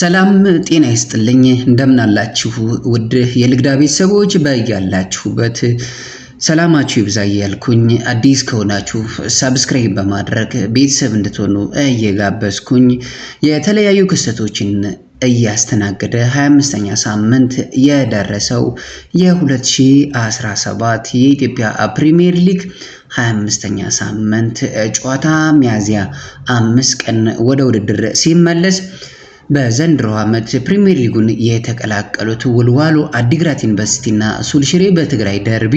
ሰላም ጤና ይስጥልኝ። እንደምናላችሁ ውድ የልግዳ ቤተሰቦች በያላችሁበት ሰላማችሁ ይብዛ እያልኩኝ አዲስ ከሆናችሁ ሰብስክራይብ በማድረግ ቤተሰብ እንድትሆኑ እየጋበዝኩኝ የተለያዩ ክስተቶችን እያስተናገደ 25ኛ ሳምንት የደረሰው የ2017 የኢትዮጵያ ፕሪሚየር ሊግ 25ኛ ሳምንት ጨዋታ ሚያዝያ አምስት ቀን ወደ ውድድር ሲመለስ በዘንድሮ ዓመት ፕሪሚየር ሊጉን የተቀላቀሉት ወልዋሎ አዲግራት ዩኒቨርሲቲና ሱልሽሬ በትግራይ ደርቢ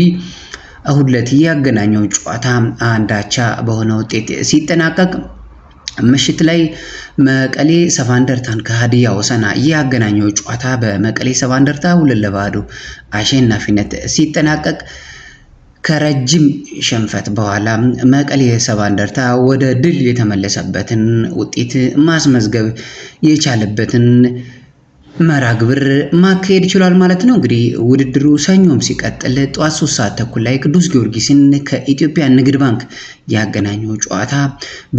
እሁድ ዕለት ያገናኘው ጨዋታ አንዳቻ በሆነ ውጤት ሲጠናቀቅ ምሽት ላይ መቀሌ ሰባ እንደርታን ከሀዲያ ሆሳዕና ያገናኘው ጨዋታ በመቀሌ ሰባ እንደርታ ሁለት ለባዶ አሸናፊነት ሲጠናቀቅ ከረጅም ሽንፈት በኋላ መቀሌ ሰባ እንደርታ ወደ ድል የተመለሰበትን ውጤት ማስመዝገብ የቻለበትን መራ ግብር ማካሄድ ይችሏል ማለት ነው። እንግዲህ ውድድሩ ሰኞም ሲቀጥል ጠዋት ሶስት ሰዓት ተኩል ላይ ቅዱስ ጊዮርጊስን ከኢትዮጵያ ንግድ ባንክ ያገናኘው ጨዋታ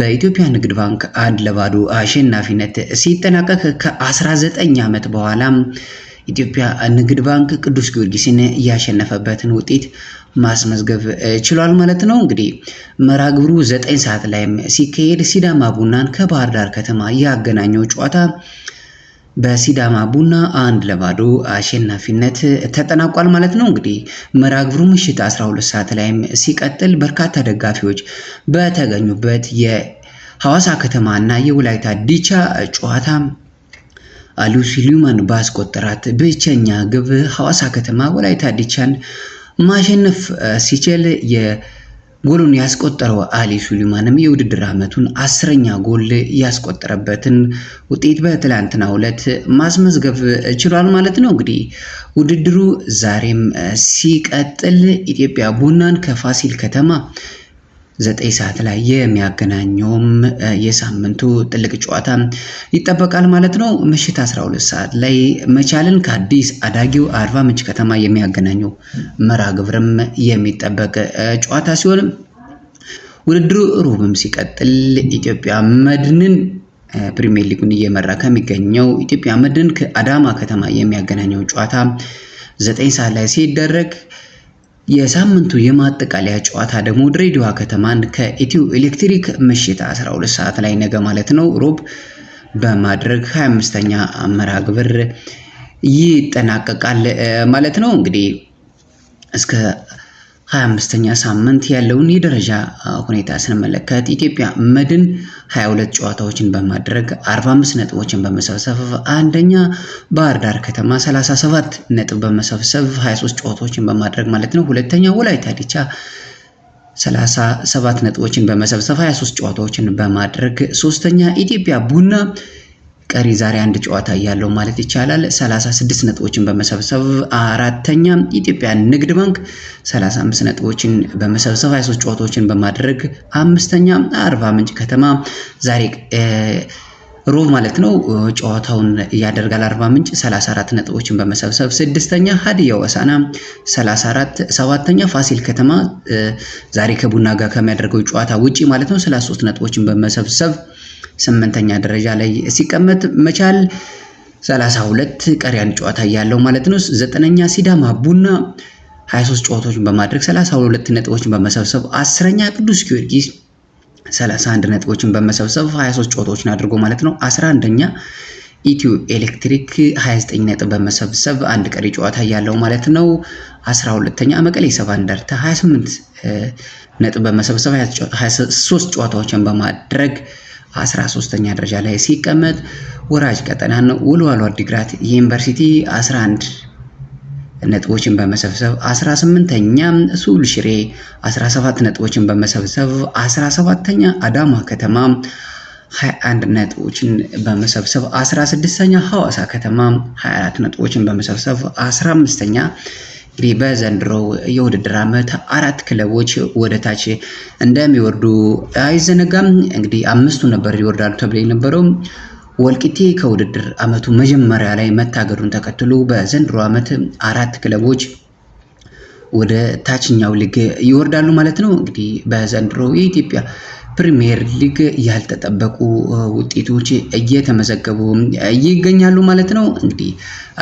በኢትዮጵያ ንግድ ባንክ አንድ ለባዶ አሸናፊነት ሲጠናቀቅ ከ19 ዓመት በኋላ ኢትዮጵያ ንግድ ባንክ ቅዱስ ጊዮርጊስን ያሸነፈበትን ውጤት ማስመዝገብ ችሏል ማለት ነው። እንግዲህ መርሃ ግብሩ ዘጠኝ ሰዓት ላይም ሲካሄድ ሲዳማ ቡናን ከባህር ዳር ከተማ ያገናኘው ጨዋታ በሲዳማ ቡና አንድ ለባዶ አሸናፊነት ተጠናቋል ማለት ነው። እንግዲህ መርሃ ግብሩ ምሽት 12 ሰዓት ላይም ሲቀጥል በርካታ ደጋፊዎች በተገኙበት የሐዋሳ ከተማና የወላይታ ዲቻ ጨዋታ አሉ ባስቆጠራት ብቸኛ ግብ ሐዋሳ ከተማ ወላይታ ዲቻን ማሸነፍ ሲችል ጎሉን ያስቆጠረው አሊ ሱሊማንም የውድድር ዓመቱን አስረኛ ጎል ያስቆጠረበትን ውጤት በትላንትናው ዕለት ማስመዝገብ ችሏል ማለት ነው። እንግዲህ ውድድሩ ዛሬም ሲቀጥል ኢትዮጵያ ቡናን ከፋሲል ከተማ ዘጠኝ ሰዓት ላይ የሚያገናኘውም የሳምንቱ ትልቅ ጨዋታ ይጠበቃል ማለት ነው። ምሽት 12 ሰዓት ላይ መቻልን ከአዲስ አዳጊው አርባ ምንጭ ከተማ የሚያገናኘው መርሃ ግብርም የሚጠበቅ ጨዋታ ሲሆን ውድድሩ ሩብም ሲቀጥል ኢትዮጵያ መድንን ፕሪሚየር ሊጉን እየመራ ከሚገኘው ኢትዮጵያ መድን ከአዳማ ከተማ የሚያገናኘው ጨዋታ ዘጠኝ ሰዓት ላይ ሲደረግ የሳምንቱ የማጠቃለያ ጨዋታ ደግሞ ድሬዳዋ ከተማን ከኢትዮ ኤሌክትሪክ ምሽት 12 ሰዓት ላይ ነገ ማለት ነው ሮብ በማድረግ 25ኛ መርሃ ግብር ይጠናቀቃል ማለት ነው። እንግዲህ እስከ 25ኛ ሳምንት ያለውን የደረጃ ሁኔታ ስንመለከት ኢትዮጵያ መድን 22 ጨዋታዎችን በማድረግ 45 ነጥቦችን በመሰብሰብ አንደኛ፣ ባህር ዳር ከተማ 37 ነጥብ በመሰብሰብ 23 ጨዋታዎችን በማድረግ ማለት ነው። ሁለተኛ፣ ወላይታ ዲቻ 37 ነጥቦችን በመሰብሰብ 23 ጨዋታዎችን በማድረግ ሶስተኛ፣ ኢትዮጵያ ቡና ቀሪ ዛሬ አንድ ጨዋታ እያለው ማለት ይቻላል 36 ነጥቦችን በመሰብሰብ አራተኛ፣ ኢትዮጵያ ንግድ ባንክ 35 ነጥቦችን በመሰብሰብ 23 ጨዋታዎችን በማድረግ አምስተኛ፣ አርባ ምንጭ ከተማ ዛሬ ሮብ ማለት ነው ጨዋታውን ያደርጋል። አርባ ምንጭ 34 ነጥቦችን በመሰብሰብ ስድስተኛ፣ ሀዲያ ወሳና 34 ሰባተኛ፣ ፋሲል ከተማ ዛሬ ከቡና ጋር ከሚያደርገው ጨዋታ ውጪ ማለት ነው 33 ነጥቦችን በመሰብሰብ ስምንተኛ ደረጃ ላይ ሲቀመጥ መቻል 32 ቀሪያን ጨዋታ እያለው ማለት ነው። ዘጠነኛ ሲዳማ ቡና 23 ጨዋታዎችን በማድረግ 32 ነጥቦችን በመሰብሰብ አስረኛ ቅዱስ ጊዮርጊስ 31 ነጥቦችን በመሰብሰብ 23 ጨዋታዎችን አድርጎ ማለት ነው። 11ኛ ኢትዮ ኤሌክትሪክ 29 ነጥብ በመሰብሰብ አንድ ቀሪ ጨዋታ እያለው ማለት ነው። 12ኛ መቀሌ ሰባ እንደርታ 28 ነጥብ በመሰብሰብ 23 ጨዋታዎችን በማድረግ 13ኛ ደረጃ ላይ ሲቀመጥ ወራጅ ቀጠናን ወልዋሎ አዲግራት ዩኒቨርሲቲ 11 ነጥቦችን በመሰብሰብ 18ኛ፣ ሱል ሽሬ 17 ነጥቦችን በመሰብሰብ 17ኛ፣ አዳማ ከተማ 21 ነጥቦችን በመሰብሰብ 16ኛ፣ ሐዋሳ ከተማ 24 ነጥቦችን በመሰብሰብ 15ኛ በዘንድሮ የውድድር ዓመት አራት ክለቦች ወደ ታች እንደሚወርዱ አይዘነጋም። እንግዲህ አምስቱ ነበር ይወርዳሉ ተብሎ የነበረው ወልቂቴ ከውድድር ዓመቱ መጀመሪያ ላይ መታገዱን ተከትሎ በዘንድሮ ዓመት አራት ክለቦች ወደ ታችኛው ሊግ ይወርዳሉ ማለት ነው። እንግዲህ በዘንድሮ የኢትዮጵያ ፕሪሚየር ሊግ ያልተጠበቁ ውጤቶች እየተመዘገቡ ይገኛሉ ማለት ነው። እንግዲህ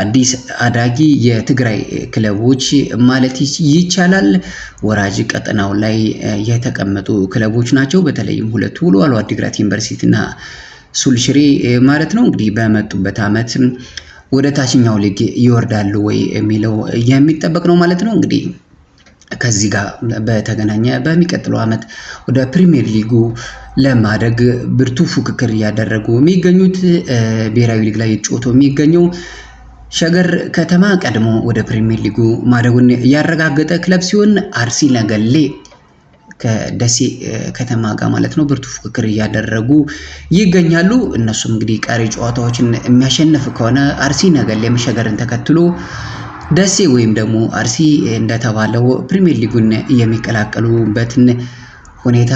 አዲስ አዳጊ የትግራይ ክለቦች ማለት ይቻላል ወራጅ ቀጠናው ላይ የተቀመጡ ክለቦች ናቸው። በተለይም ሁለቱ ውልዋሎ አዲግራት ዩኒቨርሲቲና ሱልሽሬ ማለት ነው። እንግዲህ በመጡበት ዓመት ወደ ታችኛው ሊግ ይወርዳሉ ወይ የሚለው የሚጠበቅ ነው ማለት ነው እንግዲህ ከዚህ ጋር በተገናኘ በሚቀጥለው ዓመት ወደ ፕሪሚየር ሊጉ ለማደግ ብርቱ ፉክክር እያደረጉ የሚገኙት ብሔራዊ ሊግ ላይ ጮቶ የሚገኘው ሸገር ከተማ ቀድሞ ወደ ፕሪሚየር ሊጉ ማደጉን ያረጋገጠ ክለብ ሲሆን አርሲ ነገሌ ከደሴ ከተማ ጋር ማለት ነው ብርቱ ፉክክር እያደረጉ ይገኛሉ። እነሱም እንግዲህ ቀሪ ጨዋታዎችን የሚያሸንፍ ከሆነ አርሲ ነገሌም ሸገርን ተከትሎ ደሴ ወይም ደግሞ አርሲ እንደተባለው ፕሪሚየር ሊጉን የሚቀላቀሉበትን ሁኔታ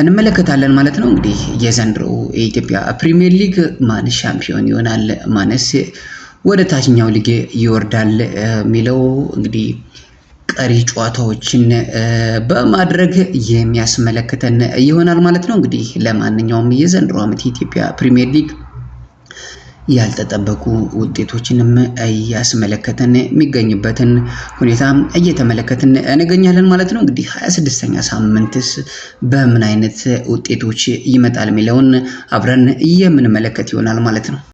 እንመለከታለን ማለት ነው። እንግዲህ የዘንድሮ የኢትዮጵያ ፕሪሚየር ሊግ ማን ሻምፒዮን ይሆናል፣ ማንስ ወደ ታችኛው ሊግ ይወርዳል የሚለው እንግዲህ ቀሪ ጨዋታዎችን በማድረግ የሚያስመለክተን ይሆናል ማለት ነው። እንግዲህ ለማንኛውም የዘንድሮ ዓመት የኢትዮጵያ ፕሪሚየር ሊግ ያልተጠበቁ ውጤቶችንም እያስመለከተን የሚገኝበትን ሁኔታ እየተመለከትን እንገኛለን ማለት ነው። እንግዲህ ሀያ ስድስተኛ ሳምንትስ በምን አይነት ውጤቶች ይመጣል የሚለውን አብረን የምንመለከት ይሆናል ማለት ነው።